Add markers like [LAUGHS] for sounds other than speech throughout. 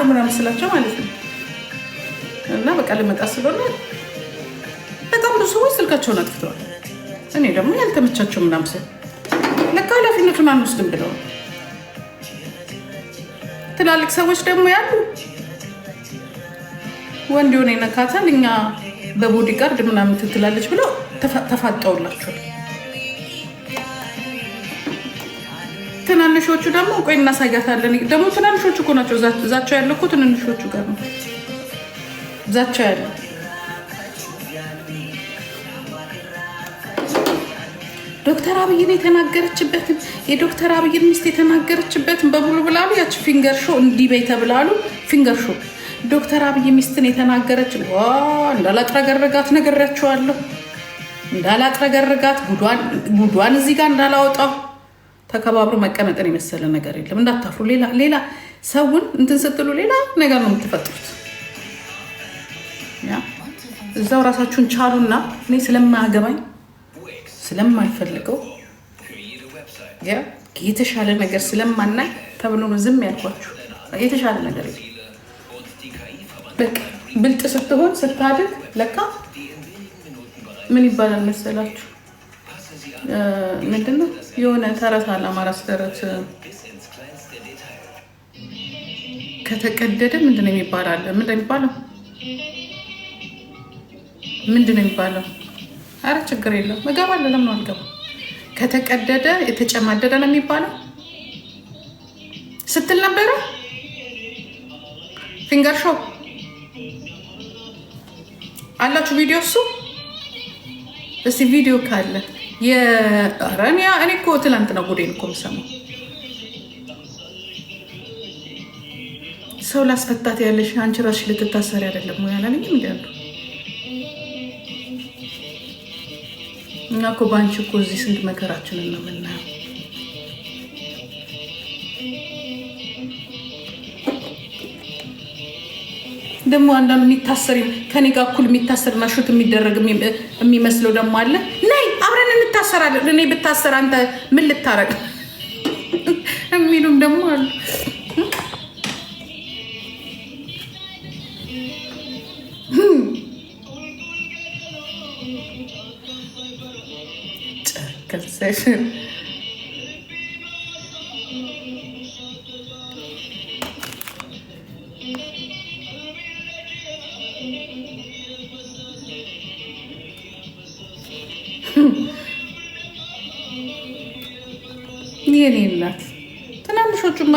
ነው ምናምን ስላቸው ማለት ነው። እና በቃ ልመጣ ስለሆነ በጣም ብዙ ሰዎች ስልካቸውን አጥፍተዋል። እኔ ደግሞ ያልተመቻቸው ምናምን ስል ለካ ኃላፊነቱን አንወስድም ብለዋል። ትላልቅ ሰዎች ደግሞ ያሉ ወንድ የሆነ ይነካታል እኛ በቦዲ ጋርድ ምናምን ትትላለች ብለው ተፋጠውላቸዋል። ትናንሾቹ ደግሞ ቆይ እናሳያታለን። ደግሞ ትናንሾቹ እኮ ናቸው እዛቸው ያለ እኮ ትንንሾቹ ጋር ነው እዛቸው ያለ ዶክተር አብይን የተናገረችበትን የዶክተር አብይን ሚስት የተናገረችበትን በሙሉ ብላሉ። ያች ፊንገር ሾ እንዲህ በይ ተብላሉ። ፊንገር ሾ ዶክተር አብይ ሚስትን የተናገረች እንዳላጥረገርጋት ነግሬያቸዋለሁ። እንዳላጥረገርጋት ጉዷን እዚህ ጋር እንዳላወጣው ተከባብሮ መቀመጥን የመሰለ ነገር የለም። እንዳታፍሩ። ሌላ ሌላ ሰውን እንትን ስትሉ ሌላ ነገር ነው የምትፈጥሩት። እዛው ራሳችሁን ቻሉና እኔ ስለማያገባኝ ስለማልፈልገው የተሻለ ነገር ስለማናይ ተብሎ ነው ዝም ያልኳችሁ። የተሻለ ነገር ብልጥ ስትሆን ስታድግ ለካ ምን ይባላል መሰላችሁ ምንድን ነው የሆነ ተረት አለ አማራ ደረት ከተቀደደ ምንድን ነው የሚባል አለ። ምንድን ነው የሚባለው? ምንድን ነው የሚባለው? አረ ችግር የለም እገባለሁ። ለምን አልገባም? ከተቀደደ የተጨማደደ ነው የሚባለው ስትል ነበረ። ፊንገር ሾው አላችሁ ቪዲዮ እሱ እስቲ ቪዲዮ ካለ የረኒያ እኔ እኮ ትላንት ነው ጉዴን እኮ የምሰማው። ሰው ላስፈታት ያለሽ አንቺ ራስሽ ልትታሰሪ አይደለም ወይ አላለኝም እንዲያሉ እኛ እኮ በአንቺ እኮ እዚህ ስንት መከራችንን ነው የምናየው። ደግሞ አንዳንድ የሚታሰር ከኔ ጋር እኩል የሚታሰርና ሹት የሚደረግ የሚመስለው ደግሞ አለ። እታሰራለሁ። እኔ ብታሰር አንተ ምን ልታረቅ የሚሉም ደግሞ አሉ። ጨክል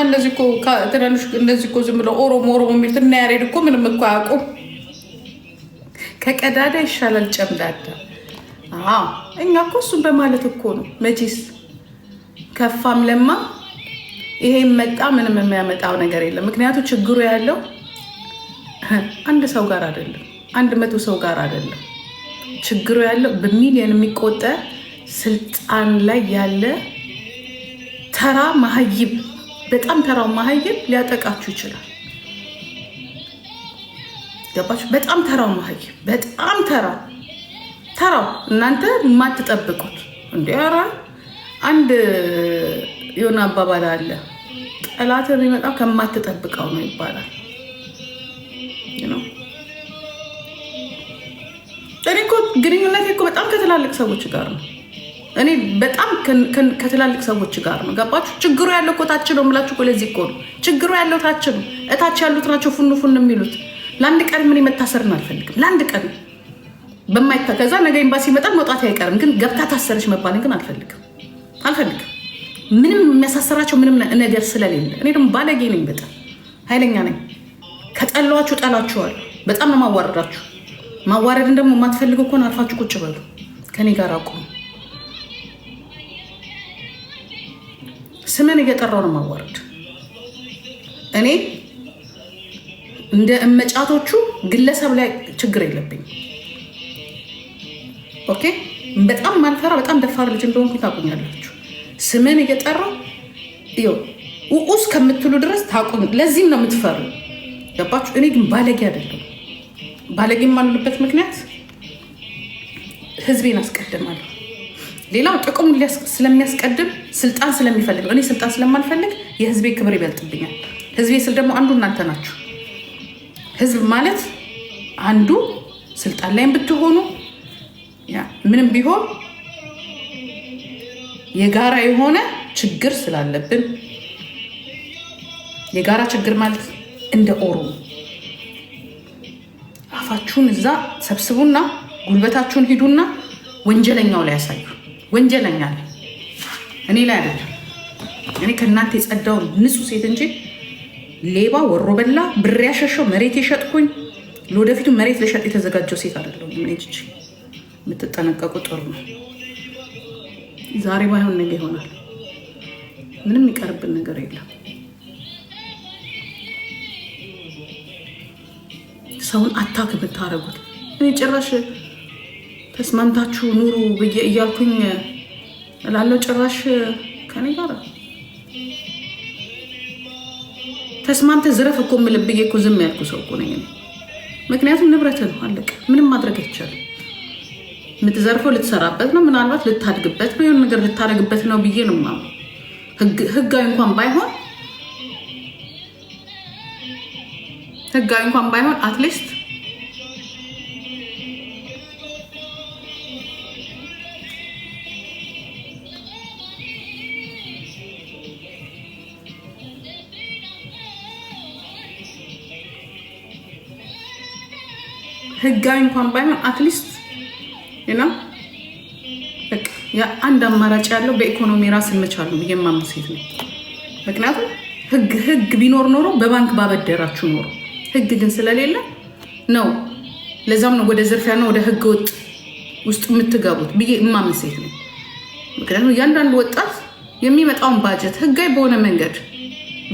እንደዚህ እኮ ትናንሽ እንደዚህ እኮ ዝም ብለው ኦሮሞ ኦሮሞ የሚሉት እና ያሬድ እኮ ምንም እኮ አያውቁም። ከቀዳዳ ይሻላል ጨምዳዳ። እኛ እኮ እሱን በማለት እኮ ነው። መቼስ ከፋም ለማ ይሄም መጣ ምንም የሚያመጣው ነገር የለም። ምክንያቱ ችግሩ ያለው አንድ ሰው ጋር አይደለም፣ አንድ መቶ ሰው ጋር አይደለም። ችግሩ ያለው በሚሊዮን የሚቆጠር ስልጣን ላይ ያለ ተራ መሀይብ በጣም ተራው መሀይም ሊያጠቃችሁ ይችላል። ገባችሁ? በጣም ተራው መሀይም በጣም ተራው ተራው እናንተ የማትጠብቁት እንዲ ራ አንድ የሆነ አባባል አለ ጠላት የሚመጣው ከማትጠብቀው ነው ይባላል። እኔ እኮ ግንኙነት እኮ በጣም ከትላልቅ ሰዎች ጋር ነው እኔ በጣም ከትላልቅ ሰዎች ጋር ነው። ገባችሁ? ችግሩ ያለው እኮ ታች ነው የምላችሁ። ለዚህ እኮ ነው ችግሩ ያለው ታች ነው። እታች ያሉት ናቸው ፉን ፉን የሚሉት። ለአንድ ቀን ምን መታሰርን አልፈልግም። ለአንድ ቀን በማይታከዛ ነገ ኤምባሲ ይመጣል መውጣት አይቀርም። ግን ገብታ ታሰረች መባልን ግን አልፈልግም አልፈልግም። ምንም የሚያሳሰራቸው ምንም ነገር ስለሌለ እኔ ደግሞ ባለጌ ነኝ፣ በጣም ኃይለኛ ነኝ። ከጠሏችሁ ጠላችኋል። በጣም ነው ማዋረዳችሁ። ማዋረድን ደግሞ የማትፈልገው ከሆነ አልፋችሁ ቁጭ በሉ። ከኔ ጋር አቁሙ። ስምን እየጠራው ነው ማዋረድ። እኔ እንደ እመጫቶቹ ግለሰብ ላይ ችግር የለብኝም። ኦኬ በጣም ማልፈራ በጣም ደፋር ልጅ እንደሆንኩ ታቁኛላችሁ። ስምን እየጠራው ውቁስ ከምትሉ ድረስ ታቁ። ለዚህም ነው የምትፈሩ ገባችሁ። እኔ ግን ባለጌ አይደለም። ባለጌ የማልልበት ምክንያት ህዝቤን አስቀድማለሁ። ሌላው ጥቅሙን ስለሚያስቀድም ስልጣን ስለሚፈልግ እኔ ስልጣን ስለማልፈልግ የህዝቤ ክብር ይበልጥብኛል። ህዝቤ ስል ደግሞ አንዱ እናንተ ናችሁ። ህዝብ ማለት አንዱ ስልጣን ላይም ብትሆኑ ምንም ቢሆን የጋራ የሆነ ችግር ስላለብን የጋራ ችግር ማለት እንደ ኦሮሞ አፋችሁን እዛ ሰብስቡና ጉልበታችሁን ሂዱና ወንጀለኛው ላይ ያሳዩ። ወንጀለኛ ላይ እኔ ላይ አይደለም። እኔ ከእናንተ የጸዳው ንጹህ ሴት እንጂ ሌባ፣ ወሮ በላ፣ ብር ያሸሸው መሬት የሸጥኩኝ ለወደፊቱ መሬት ለሸጥ የተዘጋጀው ሴት አይደለሁም። ጅ የምትጠነቀቁ ጥሩ ነው። ዛሬ ባይሆን ነገ ይሆናል። ምንም የሚቀርብን ነገር የለም። ሰውን አታክ የምታደርጉት እኔ ጭራሽ ተስማምታችሁ ኑሩ ብዬ እያልኩኝ ላለው ጭራሽ ከኔ ጋር ተስማምተ ዝረፍ እኮ የምልብዬ እኮ ዝም ያልኩ ሰው እኮ ነኝ። ምክንያቱም ንብረት ነው፣ አለቀ። ምንም ማድረግ አይቻልም። የምትዘርፈው ልትሰራበት ነው፣ ምናልባት ልታድግበት ነው፣ የሆነ ነገር ልታደርግበት ነው ብዬ ነው ማ ህጋዊ እንኳን ባይሆን ህጋዊ እንኳን ባይሆን አትሊስት ህጋዊ እንኳን ባይሆን አትሊስት ነው አንድ አማራጭ ያለው በኢኮኖሚ ራስን መቻል ነው። የማም ሴት ነው። ምክንያቱም ህግ ህግ ቢኖር ኖሮ በባንክ ባበደራችሁ ኖሮ ህግ ግን ስለሌለ ነው። ለዛም ነው ወደ ዝርፊያና ወደ ህገ ወጥ ውስጥ የምትገቡት ብዬ እማም ሴት ነው። ምክንያቱም እያንዳንዱ ወጣት የሚመጣውን ባጀት ህጋዊ በሆነ መንገድ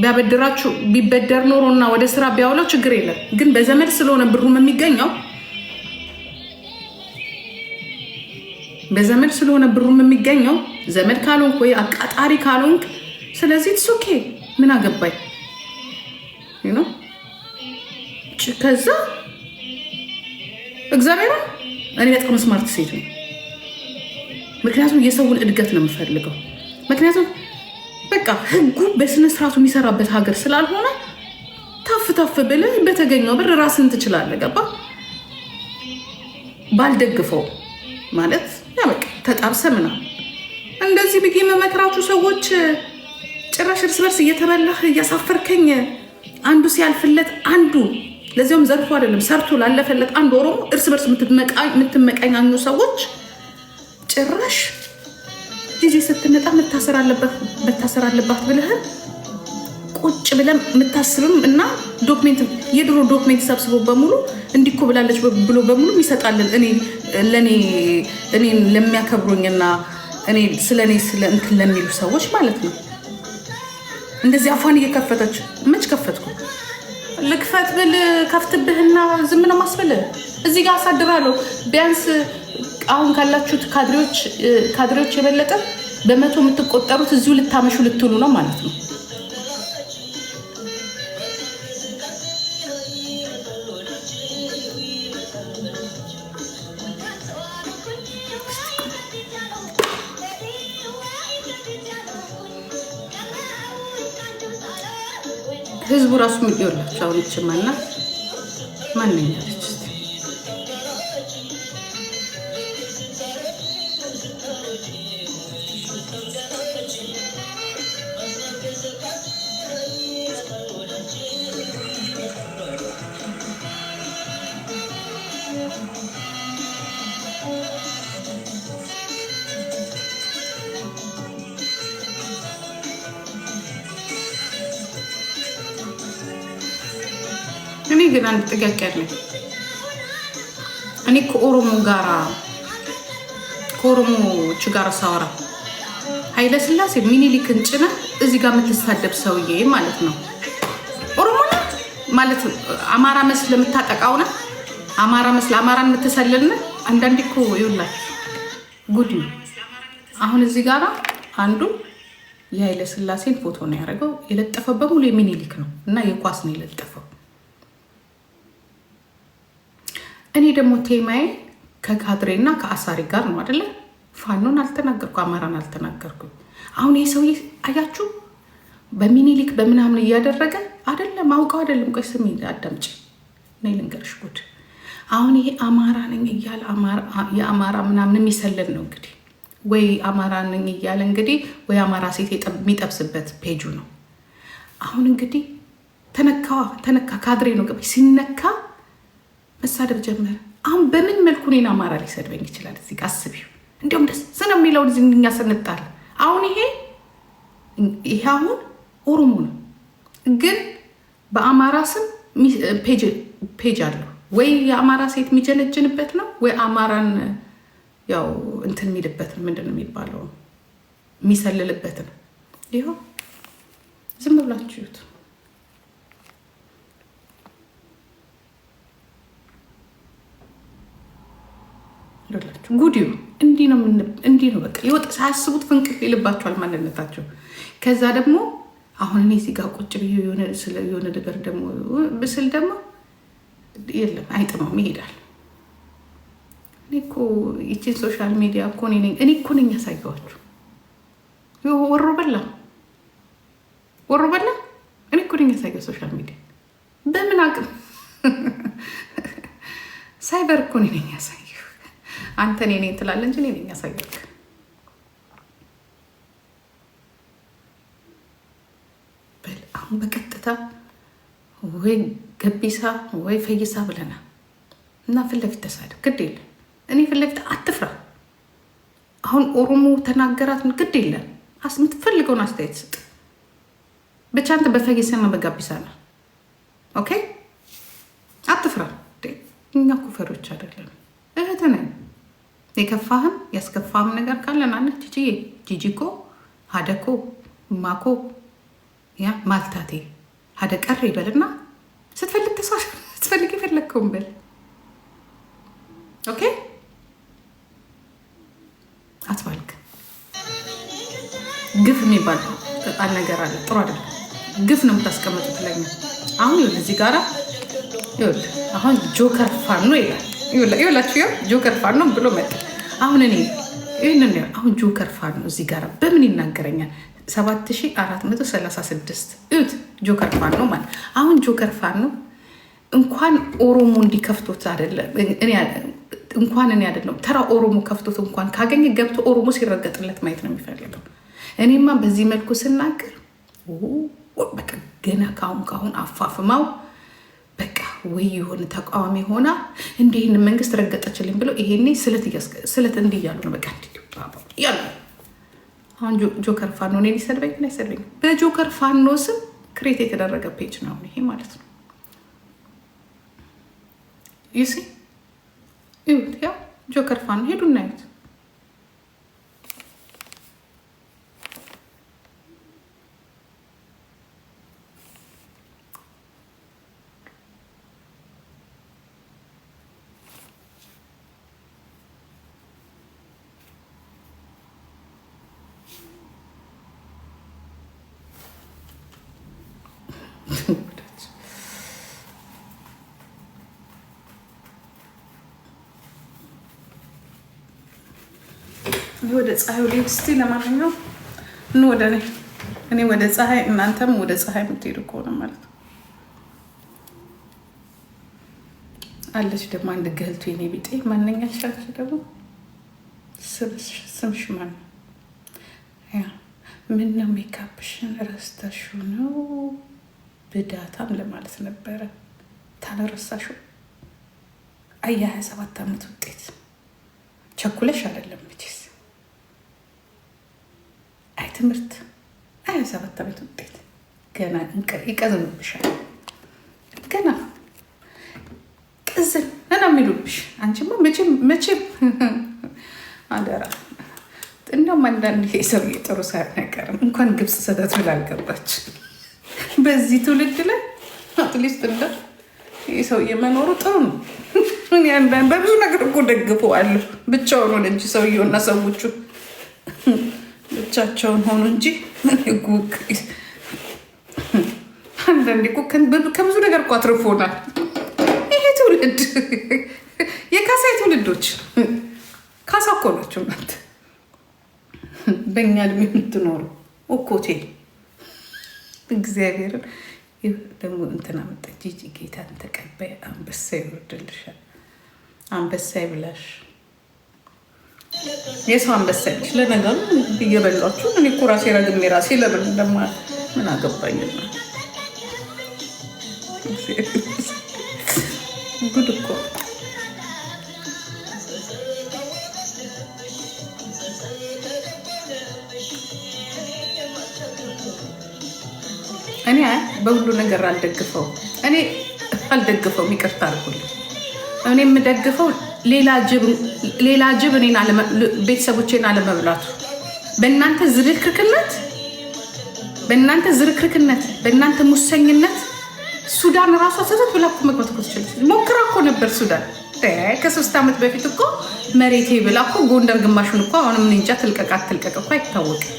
ቢያበድራችሁ ቢበደር ኖሮ እና ወደ ስራ ቢያውለው ችግር የለም። ግን በዘመድ ስለሆነ ብሩም የሚገኘው በዘመድ ስለሆነ ብሩም የሚገኘው ዘመድ ካልሆንክ ወይ አቃጣሪ ካልሆንክ፣ ስለዚህ ትሱኬ ምን አገባኝ ነው። ከዛ እግዚአብሔር እኔ በጣም ስማርት ሴት ነው። ምክንያቱም የሰውን እድገት ነው የምፈልገው። ምክንያቱም በቃ ህጉ በስነስርዓቱ የሚሰራበት ሀገር ስላልሆነ ታፍ ታፍ ብለህ በተገኘው ብር ራስን ትችላለህ። ገባ ባልደግፈው ማለት ያበቃ ተጣብሰ ምናምን እንደዚህ ብዬ መመክራችሁ ሰዎች ጭራሽ እርስ በርስ እየተበላህ እያሳፈርከኝ አንዱ ሲያልፍለት አንዱ ለዚያውም ዘርፎ አይደለም ሰርቶ ላለፈለት አንድ ኦሮሞ እርስ በርስ የምትመቀኛኙ ሰዎች ጭራሽ ልጅ ስትመጣ መታሰር አለባት ብልህን ቁጭ ብለን የምታስብም እና ዶክሜንት የድሮ ዶክሜንት ሰብስቦ በሙሉ እንዲኮ ብላለች ብሎ በሙሉ ይሰጣልን እኔ ለእኔ እኔን ለሚያከብሩኝና እኔ ስለ እኔ ስለ እንትን ለሚሉ ሰዎች ማለት ነው። እንደዚህ አፏን እየከፈተች መች ከፈትኩ ልክፈት ብል ከፍትብህና ዝም ነው ማስበል። እዚህ ጋር አሳድራለሁ። ቢያንስ አሁን ካላችሁት ካድሬዎች የበለጠ በመቶ የምትቆጠሩት እዚሁ ልታመሹ ልትሉ ነው ማለት ነው። ስቡ ራሱ ምን ይወላችሁ አሁን ይችማና ማንኛውም ግን አንድ ጥያቄ አለ እኔ ከኦሮሞ ጋራ ከኦሮሞች ጋር ሳወራ ኃይለስላሴ ሚኒሊክን ጭነ እዚህ ጋር የምትሳደብ ሰውዬ ማለት ነው ኦሮሞ ማለት አማራ መስል የምታጠቃው ነ አማራ መስል አማራን የምትሰልልነ አንዳንድ እኮ ይውላል ጉድ ነው። አሁን እዚህ ጋር አንዱ የኃይለስላሴን ፎቶ ነው ያደረገው። የለጠፈ በሙሉ የሚኒሊክ ነው እና የኳስ ነው የለጠፈ እኔ ደግሞ ቴማዬ ከካድሬና ከአሳሪ ጋር ነው አደለ? ፋኖን አልተናገርኩ፣ አማራን አልተናገርኩኝ። አሁን ይህ ሰውዬ አያችሁ በሚኒሊክ በምናምን እያደረገ አደለም፣ አውቀው አደለም። ቆይ ስሚ አዳምጪ፣ እኔ ልንገርሽ ጉድ። አሁን ይሄ አማራ ነኝ እያለ የአማራ ምናምን የሚሰልል ነው እንግዲህ፣ ወይ አማራ ነኝ እያለ እንግዲህ፣ ወይ አማራ ሴት የሚጠብስበት ፔጁ ነው። አሁን እንግዲህ ተነካ ተነካ፣ ካድሬ ነው ሲነካ መሳደብ ጀመረ። አሁን በምን መልኩ እኔን አማራ ሊሰድበኝ ይችላል? እዚህ ጋር አስቢው። እንዲሁም ደስ ነው የሚለውን እዚህ እኛ ስንጣል አሁን ይሄ ይሄ አሁን ኦሮሞ ነው፣ ግን በአማራ ስም ፔጅ አለው ወይ የአማራ ሴት የሚጀነጅንበት ነው ወይ አማራን ያው እንትን የሚልበት ነው ምንድን ነው የሚባለው የሚሰልልበት ነው። ይኸው ዝም ብላችሁት ይላችሁ ጉድ እንዲህ ነው እንዲህ ነው በቃ ይወጥ ሳያስቡት ፍንቅል ይልባቸዋል ማንነታቸው። ከዛ ደግሞ አሁን እኔ እዚህ ጋር ቁጭ ብዬ የሆነ ስለ የሆነ ነገር ደግሞ ብስል ደግሞ የለም አይጥመውም ይሄዳል። እኔ እኮ ይቺን ሶሻል ሚዲያ እኮ እኔ እኮ ነኝ ያሳየኋችሁ። ወሮ በላ ወሮ በላ እኔ እኮ ነኝ ያሳየው ሶሻል ሚዲያ በምን አቅም ሳይበር እኮ ነኝ ያሳየ አንተ እኔ ነኝ ትላለህ እንጂ እኔ ነኝ ያሳየሁት። በል አሁን በቀጥታ ወይ ገቢሳ ወይ ፈይሳ ብለና እና ፊት ለፊት ተሳደብ፣ ግድ የለም እኔ ፊት ለፊት አትፍራ። አሁን ኦሮሞ ተናገራት፣ ግድ የለም የምትፈልገውን አስተያየት ስጥ። ብቻ አንተ በፈይሳና በጋቢሳ ነው። ኦኬ አትፍራ። እኛ ኩፈሮች አይደለም እህትነን የከፋህም ያስከፋህም ነገር ካለን አለ ጂጂ ጂጂኮ፣ ሀደኮ፣ ማኮ ያ ማልታቴ ሀደ ቀር ይበልና ስትፈልግ ተሷ ስትፈልግ የፈለግከውን በል። ኦኬ አትባልክ። ግፍ የሚባል ጣል ነገር አለ። ጥሩ አይደለም። ግፍ ነው የምታስቀምጡት ለኛ። አሁን ይኸውልህ እዚህ ጋራ ይኸውልህ አሁን ጆከር ፋኖ ይላል ይኸውላችሁ ጆከር ፋኖ ነው ብሎ መጣ። አሁን እኔ ይህንን አሁን ጆከር ፋኖ ነው እዚህ ጋር በምን ይናገረኛል? 7436 እዩት። ጆከር ፋኖ ነው ማለት አሁን ጆከር ፋኖ ነው እንኳን ኦሮሞ እንዲከፍቶት አይደለም እንኳን እኔ አይደለም ተራ ኦሮሞ ከፍቶት እንኳን ካገኘ ገብቶ ኦሮሞ ሲረገጥለት ማየት ነው የሚፈልገው። እኔማ በዚህ መልኩ ስናገር በቃ ገና ካሁን ካሁን አፋፍማው ወይ የሆነ ተቃዋሚ ሆና እንዲህን መንግስት ረገጠችልኝ ብሎ ይሄኔ ስለት እንዲ እያሉ ነው። በቃ ያሉ አሁን ጆከር ፋኖ እኔን ይሰድበኝ አይሰድበኝ በጆከር ፋኖ ስም ክሬት የተደረገ ፔጅ ነው ይሄ ማለት ነው። ይሲ ያ ጆከር ፋኖ ሄዱ እናዩት ወደ ፀሐዩ ላይ ስቲ ለማንኛውም እንወደ እኔ ወደ ፀሐይ እናንተም ወደ ፀሐይ የምትሄዱ ከሆነ ማለት ነው። አለች ደግሞ አንድ ገልቱ የኔ ቢጤ ማንኛ ሻች ደግሞ ስምሽ ማን ምን ነው? ሜካፕሽን ረስተሽው ነው? ብዳታም ለማለት ነበረ። ታለረሳሹ አያ ሀያ ሰባት ዓመት ውጤት ቸኩለሽ አይደለም ብቼስ አይ ትምህርት፣ አይ ሰባት ቤት ውጤት ገና ይቀዝምብሻል። ገና ቅዝን እና የሚሉብሽ አንቺማ መቼም መቼም [LAUGHS] አደራ። እናም አንዳንድ የሰው የጥሩ ሳይሆን አይቀርም። እንኳን ግብፅ ሰተት ብላ አልገባች። [LAUGHS] በዚህ ትውልድ ላይ አትሊስት እንደ ይህ ሰውዬ መኖሩ ጥሩ ነው። [LAUGHS] በብዙ ነገር እኮ ደግፈዋለሁ። ብቻውን ሆነ እንጂ ሰውየውና ሰዎቹ ብቻቸውን ሆኑ እንጂ አንዳንዴ ከብዙ ነገር እኮ አትርፎናል። ይሄ ትውልድ የካሳይ ትውልዶች ካሳ እኮ ናቸው። እናንተ በእኛ እድሜ የምትኖሩ እኮቴ እግዚአብሔርን ደግሞ እንትን አመጣች ጌታን ተቀባይ አንበሳ ይወርድልሻል። አንበሳ ይብላሽ። የሰው አንበሳ ይለች። ለነገሩ እየበላችሁ እኔ እኮ ራሴ ረግሜ ራሴ ለምን እንደማ ምን አገባኝና ጉድ እኮ እኔ በሁሉ ነገር አልደግፈው እኔ አልደግፈው ይቅርታ አልኩልኝ እኔ የምደግፈው ሌላ ጅብ ቤተሰቦቼን አለመብላቱ በእናንተ ዝርክርክነት በእናንተ ዝርክርክነት በእናንተ ሙሰኝነት ሱዳን እራሷ ሰተት ብላ መግባት እኮ ትችል ሞክራ እኮ ነበር ሱዳን ከሶስት ዓመት በፊት እኮ መሬቴ ብላ እኮ ጎንደር ግማሹን እኮ አሁንም እንጃ ትልቀቃት ትልቀቅ እኮ አይታወቅም።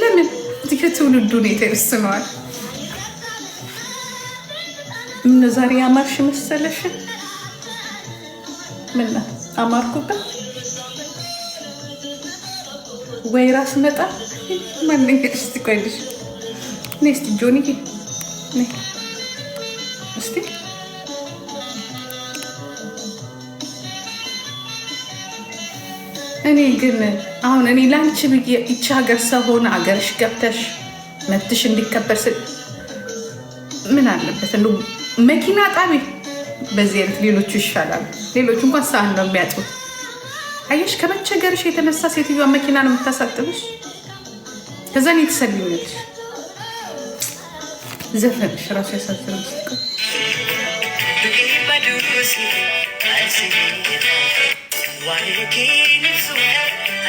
ለምን የትውልዱ ሁኔታ ይወስነዋል። እነ ዛሬ ያማርሽ መሰለሽን ምን ነው አማርኩበት ወይ ራስ መጣ ማን እንግዲህ እስቲ ቆይ ልሽ ጆኒ እስቲ እኔ ግን አሁን እኔ ላንቺ ብዬ ይቺ ሀገር ሰው ሆነ ሀገርሽ ገብተሽ መብትሽ እንዲከበር ስል ምን አለበት እንደ መኪና በዚህ አይነት ሌሎቹ ይሻላሉ። ሌሎቹ እንኳን ሳህን ነው የሚያጥቡት። አየሽ፣ ከመቸገርሽ የተነሳ ሴትዮዋ መኪና ነው የምታሳጥብሽ። ከዛን የተሰሚሆነች ዘፈንሽ ራሱ ያሳዝነ